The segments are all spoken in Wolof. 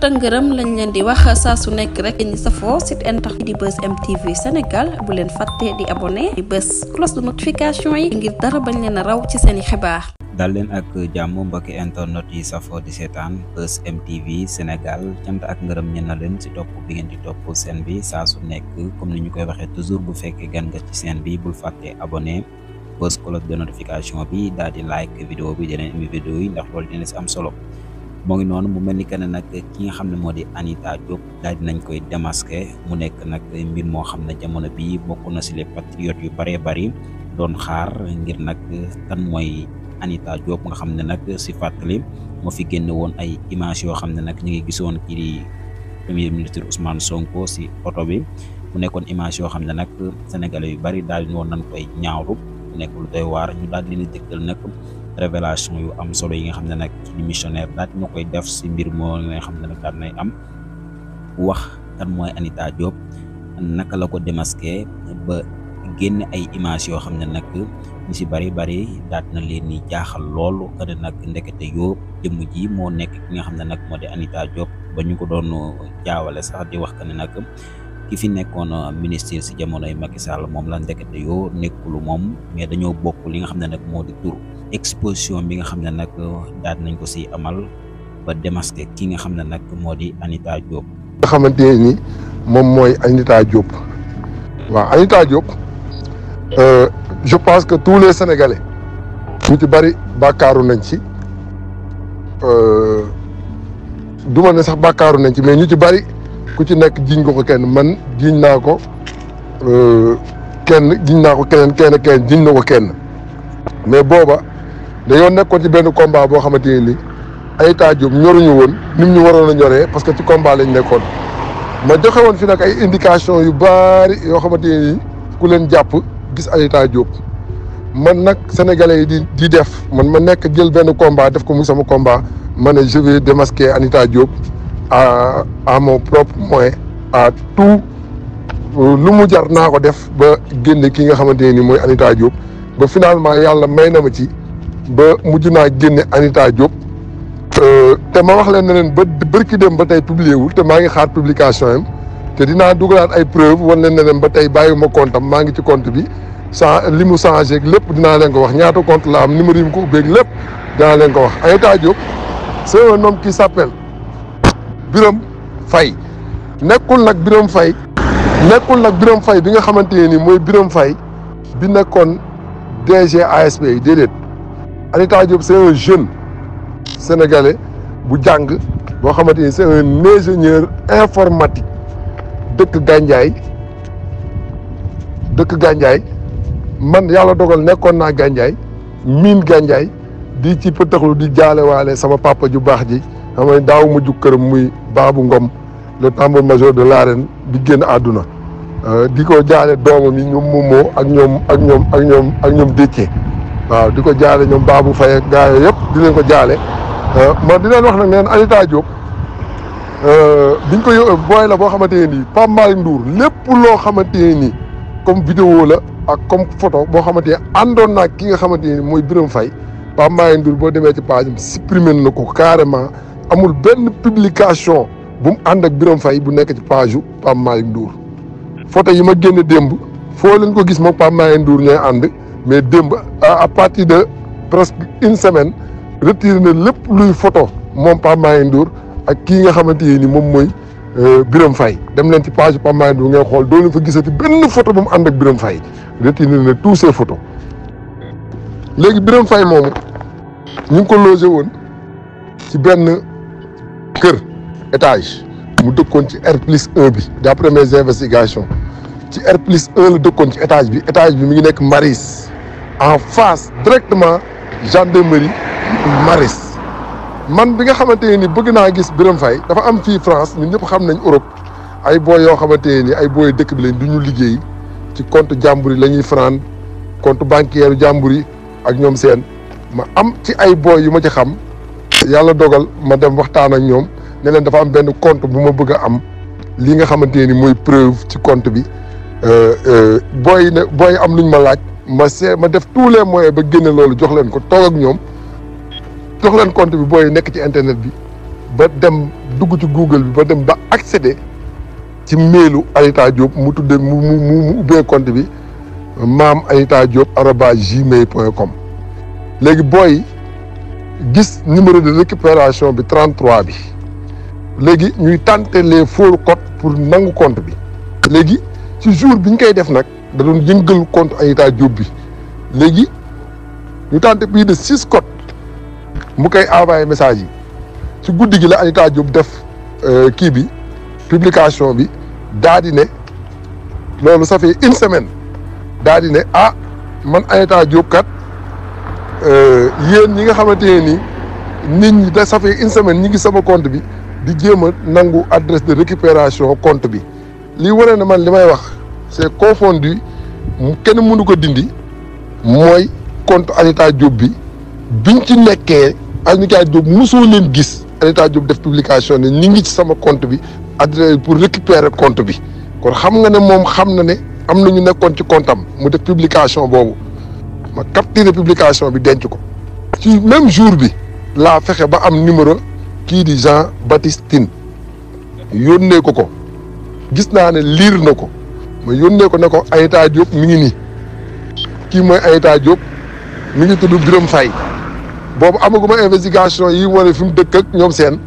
tëngërëm lañ leen di wax saa su nekk rek ñi safoo site internet di bës mtv sénégal bu leen fàtte di abonné di bës cloche de notification yi ngir dara bañ leen a raw ci seeni xibaar dal leen ak jàmm mbokki internet yi safoo di seetaan bës mtv sénégal cant ak ngërëm ñen na leen si topp bi ngeen di topp seen bi saa su nekk comme ni ñu koy waxee toujours bu fekkee gan nga ci seen bi bul fàtte abonné bës cloche de notification bi daal di like vidéo bi dinañ am vidéo yi ndax loolu dina si am solo moo ngi noonu mu mel ni que ne nag ki nga xam ne moo di Anita Diop daal nañ koy démasqué mu nekk nag mbir moo xam ne jamono bi bokk na si les patriotes yu bëree bëri doon xaar ngir nag kan mooy Anita Diop nga xam ne nag si fàttali moo fi génne woon ay images yoo xam ne nag ñu ngi gisoon kii di premier ministre Ousmane Sonko si oto bi mu nekkoon image yoo xam ne nag sénégalais yu bari daal di woon nañ koy ñaawru mu nekk lu doy waar ñu daal di leen dëggal nag. révélation yu am solo yi nga xam ne nag ci missionnaire daat ñu koy def si mbir moo nga xam ne nag daan nay am wax mooy Anita Diop naka la ko démasqué ba génn ay images yoo xam ne nag ñu si bari bari daat na leen ni jaaxal loolu que nag ndekete yoo jëmm ji moo nekk ki nga xam ne nag moo di Anita Diop ba ñu ko doon jaawale sax di wax que ne nag ki fi nekkoon ministre si jamonoy Macky Sall moom la ndekete yoo nekkul moom mais dañoo bokk li nga xam ne nag moo di tur exposition bi nga xam ne nag euh, daal nañ ko si amal ba démasqué ki nga xam ne nag moo di Anita Diop. nga xamante ne moom mooy Anita jóob waaw Anita Diop euh, je pense que tous les Sénégalais ñu ci bari bàkkaaru nañ ci euh, du ma ne sax bàkkaaru nañ ci mais ñu ci bari ku ci nekk jiñ nga ko kenn man jiñ naa ko kenn jiñ naa ko keneen kenn kenn jiñ na ko kenn mais booba dañoo nekkoon ci benn combat boo xamante ne ni ay taajum ñoruñu woon nim ñu waroon a ñoree parce que ci combat lañ nekkoon ma joxe woon fi nag ay indication yu baari yoo xamante ne ku leen jàpp gis ay taajum man nag sénégalais yi di di def man ma nekk jël benn combat def ko muy sama combat ma ne je vais démasquer Anita Diop à à mon propre moyen à tout euh, lu mu jar naa ko def ba génn ki nga xamante ne ni mooy Anita Diop ba finalement yàlla may na ma ci ba mujj naa génne Anita Diop euh, te ma wax leen ne leen ba bërki dem ba tey publier wul te maa ngi xaar publication yam te dinaa dugalaat ay preuve wan leen ne leen ba tey bàyyiwuma compte am maa ngi ci compte bi sans li mu changé ak lépp dinaa leen ko wax ñaata compte la am numéro yi ko ubbeeg lépp dinaa leen ko wax Anita Diop c'est un homme qui s'appelle fay Faye nekkul nag Birame fay nekkul nag Birame Faye bi nga xamante ne nii mooy Birame fay bi nekkoon DG ASP yi déedéet Anita Diop c'est un jeune sénégalais bu jàng boo xamante c'est un ingénieur informatique dëkk Gandiaye dëkk Gandiaye man yalla dogal nekkoon naa Gandiaye miin Gandiaye di ci pëtaxlu di jale jaalewaale sama papa ju bax ji xam daw mu ju jug këram muy Babou Ngom le tambour major de l'arène bi génn aduna euh diko jale doomam yi ñoom Momo ak ñom ak ñom ak ñom ak ñom Déthié waaw di ko jaale ñoom Babou Faye ak gars yëpp di ko jaale euh, man di leen wax nag neen Anita Diop euh, biñ ko booy la boo xamante ne nii Pape Malick Ndour lépp loo xamante nii comme vidéo la ak comme photo boo xamante ne àndoon naa ki nga xamante ne mooy Birame Faye Pape Malick Ndour boo demee ci page am supprimer na ko carrément amul benn publication bu ànd ak Birame Faye bu nekk ci page yu Pape Malick Ndour yi ma génn démb foo leen ko gis moom Pape Malick nduur ñooy ànd. mais démb à partir de presque une semaine retiré les plus luy photo moom Pape Maye Ndour ak kii nga xamante ni moom mooy euh, Birame Faye dem len ci page Pape Maye Ndour ngay xol do leen fa gisati benn photo bu mu ak Birame Fay retiré na tous ces photos légui Biram Fay moomu ñu ngi ko logé won ci benn kër étage mu dëkkoon ci R plus 1 bi d'après mes investigations ci R plus 1 la dëkkoon ci étage bi étage bi mi ngi nekk Maris en face directement gendarmerie Maris man bi nga xamante ne ni bëgg naa gis Birame fay dafa am fii France ñun ñëpp xam nañ Europe ay booy yoo xamante ne ni ay booy dëkk bi lañ du ñu liggéey ci compte jàmbur yi la ñuy fanaan compte bancaire jàmbur yi ak ñoom seen ma am ci ay booy yu ma ci xam yàlla dogal ma dem waxtaan ak ñoom ne leen dafa am benn compte bu ma bëgg a am lii nga xamante ne ni mooy preuve ci compte bi euh, euh, booy ne booy am luñ ma laaj ma see ma def tous les moyens ba génne loolu jox leen ko toog ak ñoom compte bi internet bi ba dem dugg Google bi ba dem ba accéder ci mailu Anita Diop mu tudde mu mu compte bi maam Diop numéro de récupération bi 33 bi léegi ñuy tenter les faux codes pour nangu compte bi léegi ci jour da doon yëngal compte Anita Diop bi léegi ñu tenté plus de six codes mu koy envoyé message yi ci guddi gi la Anita Diop def euh, kii bi publication bi daa di ne loolu ça fait une semaine daa di ne ah man Anita Diop kat euh, yéen ñi nga xamante ne nii nit ñi da ça fait une semaine ñi ngi sama compte bi di jéem a nangu adresse de récupération compte bi lii wane na man li may wax. c'est confondu kenn mënu ko dindi mooy compte Anita Diop bi biñ ci nekkee Anita Diop mosoo leen gis Anita Diop def publication ne ñu ngi ci sama compte bi adresse pour récupérer compte bi kon xam nga ne moom xam na ne am na ñu nekkoon ci compte am mu def publication boobu ma capturé publication bi denc ko. ci même jour bi laa fexe ba am numéro kii di Jean Baptiste yónnee ko ko gis naa ne liir na ko. mooy yónnee ko ne ko Aïta Diop mi ngi nii kii mooy Aïta Diop mi ngi tudd Birame fay boobu amaguma investigation yi wane fi mu dëkk ak ñoom seen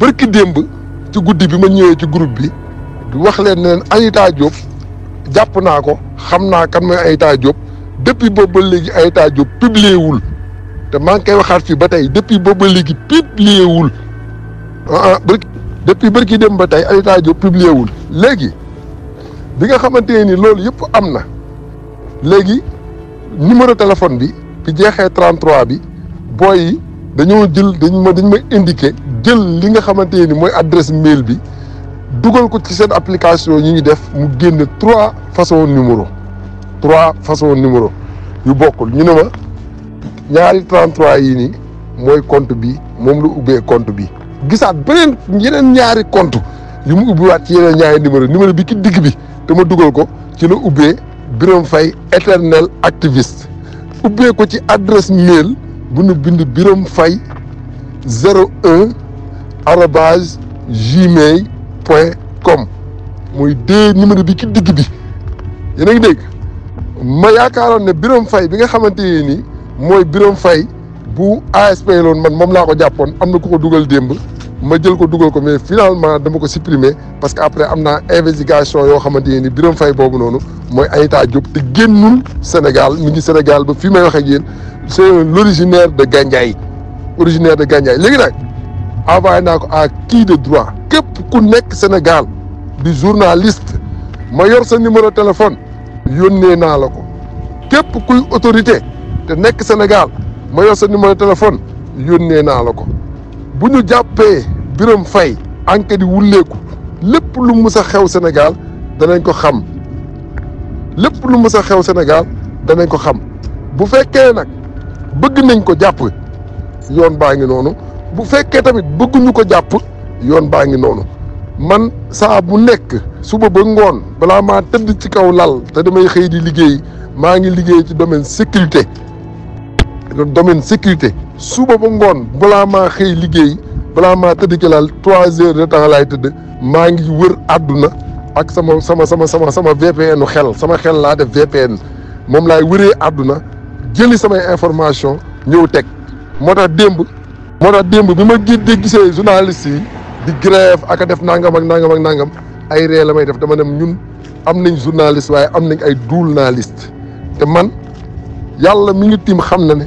bërki démb ci guddi bi ma ñëwee ci groupe bi di wax leen ne leen jàpp naa ko xam naa kan mooy Aïta Diop depuis boobu ba léegi Aïta Diop publié wul te man ngi koy waxaat fii ba tey depuis boobu ba léegi publié wul ah ah depuis bërki démb ba tey Aïta Diop publié wul léegi. li nga xamante nii loolu yëpp am na léegi numéro téléphone bi bi jeexee 33 bi booy yi dañoo jël dañ ma dañ ma indiqué jël li nga xamante ni mooy adresse mail bi dugal ko ci seen application yi ñu def mu génn trois façons numéro trois façons numéro yu bokkul ñu ne ma ñaari 33 yi nii mooy compte bi moom la ubbee compte bi gisaat beneen yeneen ñaari compte yu mu ubbiwaat ci yeneen ñaari numéro numéro bi ki digg bi te ma dugal ko ci la ubbee Birame fay éternel activiste ubbee ko ci adresse mail bu nu bind Birame Faye 01 arobase gmail point com mooy deux numéro bi ki digg bi yéen a ngi dégg ma yaakaaroon ne Birame Faye bi nga xamante ne nii mooy Birame fay bu ASP loon man moom laa ko jàppoon am na ku ko dugal démb. ma jël ko dugal ko mais finalement dama ko supprimer parce que après am naa investigation yoo xamante ne ni Birame Faye boobu noonu mooy Anita Diop te génnul Sénégal mi ngi Sénégal ba fii may wax ak yéen c'est l'originaire de Gandiaye originaire de Gandiaye léegi nag envoyé naa ko à qui de droit képp ku nekk Sénégal di journaliste ma yor sa numéro téléphone yónnee naa la ko képp kuy autorité te nekk Sénégal ma yor sa numéro téléphone yónnee naa la ko bu ñu jàppee Birame Faye enquête yi wulleeku lépp lu mës xew Sénégal danañ ko xam lépp lu mës a xew Sénégal danañ ko xam bu fekkee nag bëgg nañ ko jàpp yoon baa ngi noonu bu fekkee tamit bëgguñu ko jàpp yoon baa ngi man sa bu nekk suba ba ngoon balaa maa tëdd ci kaw lal te damay xëy di liggéey maa ngi liggéey ci domaine sécurité domaine sécurité suba ba ngoon balaa maa xëy liggéey balaa maa tëdd ki laal trois heures de temps laay tëdd maa ngi wër àdduna ak sama sama sama sama sama VPN xel sama xel laa def VPN moom laay wëree àdduna jëli samay information ñëw teg moo tax démb moo tax démb bi ma di gisee journaliste yi di grève ak a def nangam ak nangam ak nàngam ay ree la def dama dem ñun am nañ journaliste waaye am nañ ay journaliste te man yàlla mi ngi tiim xam na ne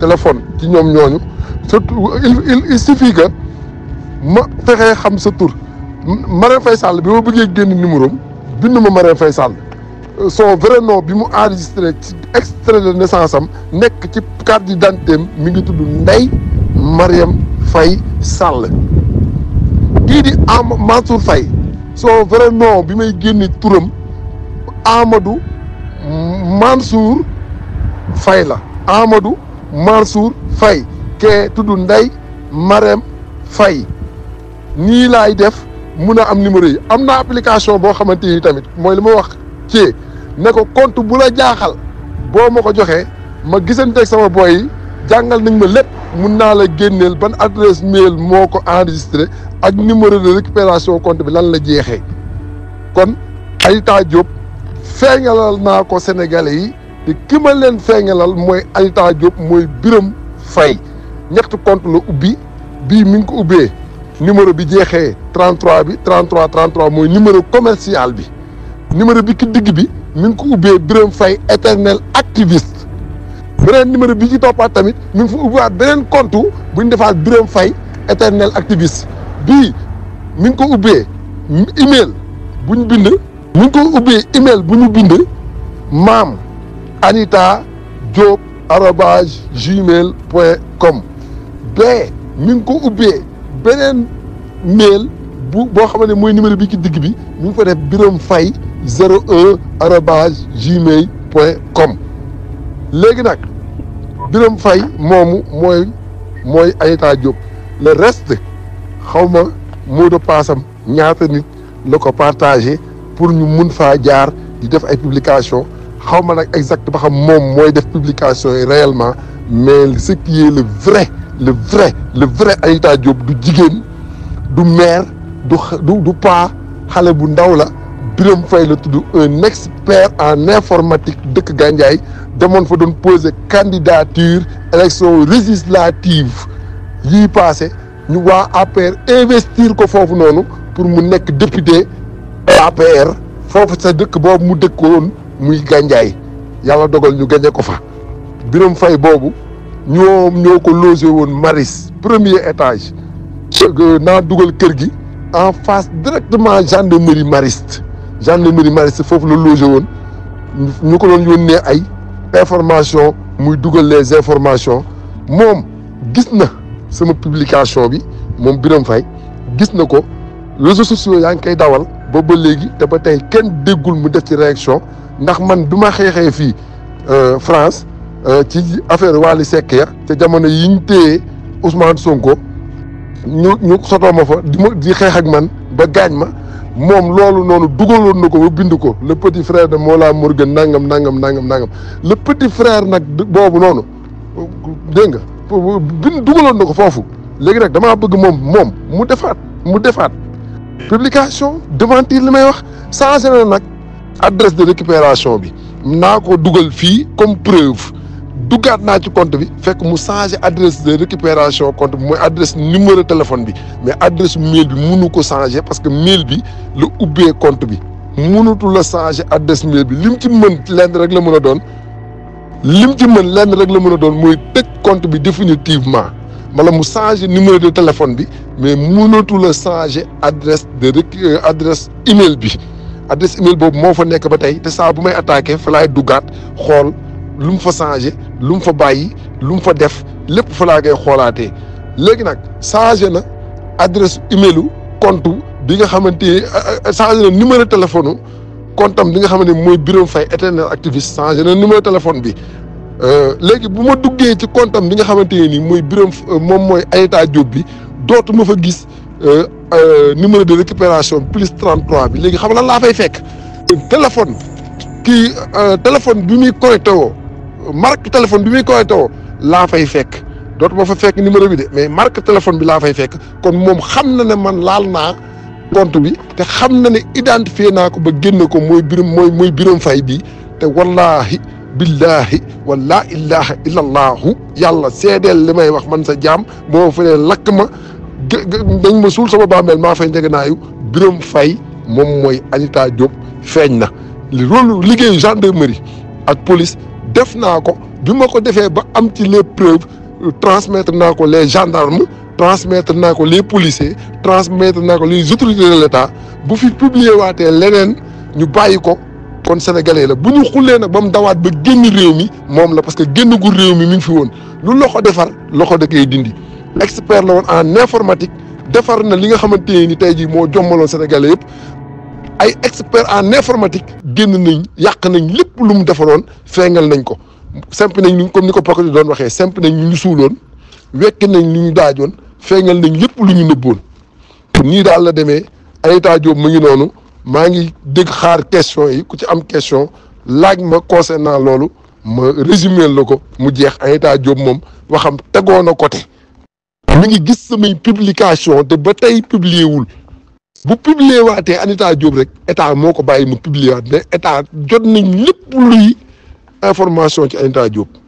téléphone ci ñoom ñooñu surtout il il suffit que ma fexee xam sa tur Marème Faye Sall bi ma bëggee génn numéro am bind ma Marème Faye Sall euh, son vrai nom bi mu enregistré ci extrait de naissance am nekk ci carte d'identité am mi ngi tudd Ndeye Mariam Faye Sall kii di Am Mansour Faye son vrai nom bi may génne turam Amadou Mansour la Amadou Mansour Faye kee tudd Ndeye Marème Faye nii laay def mun a am numéro yi am naa application boo xamante ni tamit mooy li ma wax ci ne ko compte bu la jaaxal boo ma ko joxee ma gisanteeg sama boy yi jàngal nañ ma lépp mun naa la génneel ban adresse mail moo ko enrigistre ak numéro de récupération compte bi lan la jeexee kon Aïta Diop feeñalal naa ko Sénégalais yi te ki ma leen feeñalal mooy Anita Diop mooy Biram fay ñetti compte la ubbi bii mi ngi ko ubbee numéro bi jeexee 33 bi 33 33 mooy numéro commercial bi numéro bi ki digg bi mi ngi ko ubbee Biram fay éternel activiste beneen numéro bi ci toppaat tamit mi ngi fa ubbiwaat beneen compte bu ñu defaat Biram Faye éternel activiste bii mi ngi ko ubbee email bu ñu bind mu ngi ko ubbee email bu ñu bind maam Anita Diop arobase gmail.com mail bu boo xam ne numéro bi ci digg bi mi fa def zéro gmail.com Anita Diop le reste xaw mot de passe am partagé pour nous mun faa jaar di def publication xaw ma nag exact ba xam moom mooy def publication réellement mais ce qui est le vrai le vrai le vrai Anita Diop du jigéen du maire du du du paa xale bu ndaw la Birame Faye la un expert en informatique dëkk Gandiaye demande fa doon poser candidature élection législative yii passé ñu waa APR investir ko foofu noonu pour mu nekk député APR foofu sa dëkk boobu mu dëkkoon muy gànjaay yàlla dogal ñu gañe ko fa biram fay boobu ñoo ñoo ko logé woon maris premier étage euh, naa dugal kër gi en face directement gendarmerie mariste gendarmerie mariste foofu la logé woon ñu ko doon yónnee ay information muy dugal les information moom gis na sama publication bi moom Birame fay gis na ko réseaux sociaux yaa ngi koy dawal ba ba léegi te ba tey kenn déggul mu def ci réaction ndax man du ma xeexee fii euh, France euh, ci affaire Wali Seck ya te jamono yi ñu Ousmane Sonko ñu ñu sotoo ma fa di ma di ak man ba ma moom loolu noonu dugaloon na ko bind ko le petit frère de Mola Morgan nangam nangam nangam nangam le petit frère nag bobu noonu dégg nga bind dugaloon na ko foofu léegi nag bëgg mom mom mu defaat mu defaat publication démentir li may wax changer nak adresse de récupération bi nako dougal Fi comme preuve dougat na ci compte bi fekk mu changer adresse de récupération compte moy adresse numéro téléphone bi mais adresse mail bi munu ko changer parce que mail bi le ubbee compte bi mënutu le changer adresse mail bi lim ci meun lenn rek la meuna don lim ci meun lenn rek la meuna don moy mooy compte bi définitivement mala mu changer numéro de téléphone bi mais mënatu le changer adresse de euh, adresse email bi adresse email boobu moo fa nekk ba tey te saa bu may attaqué fa laay duggaat xool lu mu fa changé lu mu fa bàyyi lu mu fa def lépp fa laa koy xoolaatee léegi nag changé na adresse emailu compte bi nga xamante ne euh, euh, changé numéro téléphone compte bi nga xam ne mooy Birame Faye éternel activiste changé na numéro téléphone bi. Euh, léegi bu ma duggee ci compte bi nga xamante ne nii mooy Birame moom mooy Anita Diop bi dootuma fa gis. numéro de récupération plus 33 bi léegi xam lan laa fay fekk téléphone kii téléphone bi muy connecté woo marque téléphone bi muy connecté woo laa fay fekk dootuma fa fekk numéro bi de mais marque téléphone bi laa fay fekk kon moom xam na ne man laal naa compte bi te xam na ne identifié naa ko ba génne ko mooy biram mooy mooy biram fay bii te wallaahi billahi wala ilaha illallahu yàlla seedeel li may wax man sa jaam boo fa ne lakk ma dañ ma sul sama bàmmeel ma fay njegenaayu Birame fay mom moy Anita Diop feeñ na loolu liggéeyu gendarmerie ak police def naa ko bi ko ba am ci les preuves euh, transmettre nako les gendarmes transmettre nako les policiers transmettre nako les autorités de l'État bu fi publier waté lenen ñu bayiko kon sénégalais la bu ñu xullee nag ba mu ba génn réew mi mom la parce que génn gu réew mi mi ngi fi won lu loxo defar loxo da kay dindi expert la en informatique defar na li nga xamante ne ni tey jii moo jommaloon Sénégalais yëpp ay expert en informatique génn nañ yàq nañ lépp lu mu defaroon fengal nañ ko simp nañ ni comme ni ko Pocati doon waxee simp nañ ñu ñu suuloon wekk nañ ñu ñu daajoon fengal nañ lépp lu ñu nëbboon nii daal la demee Anita Diop mu ngi noonu maa ngi dégg xaar question yi ku ci am question laaj ma concernant loolu ma résumé la ko mu jeex Anita Diop moom waxam tegoo na côté. mi ngi gis samay publication te ba tey publier wul bu publier waatee Anita Diop rek état moo ko bàyyi mu publie waat mais état jot nañ lépp information ci Anita Diop.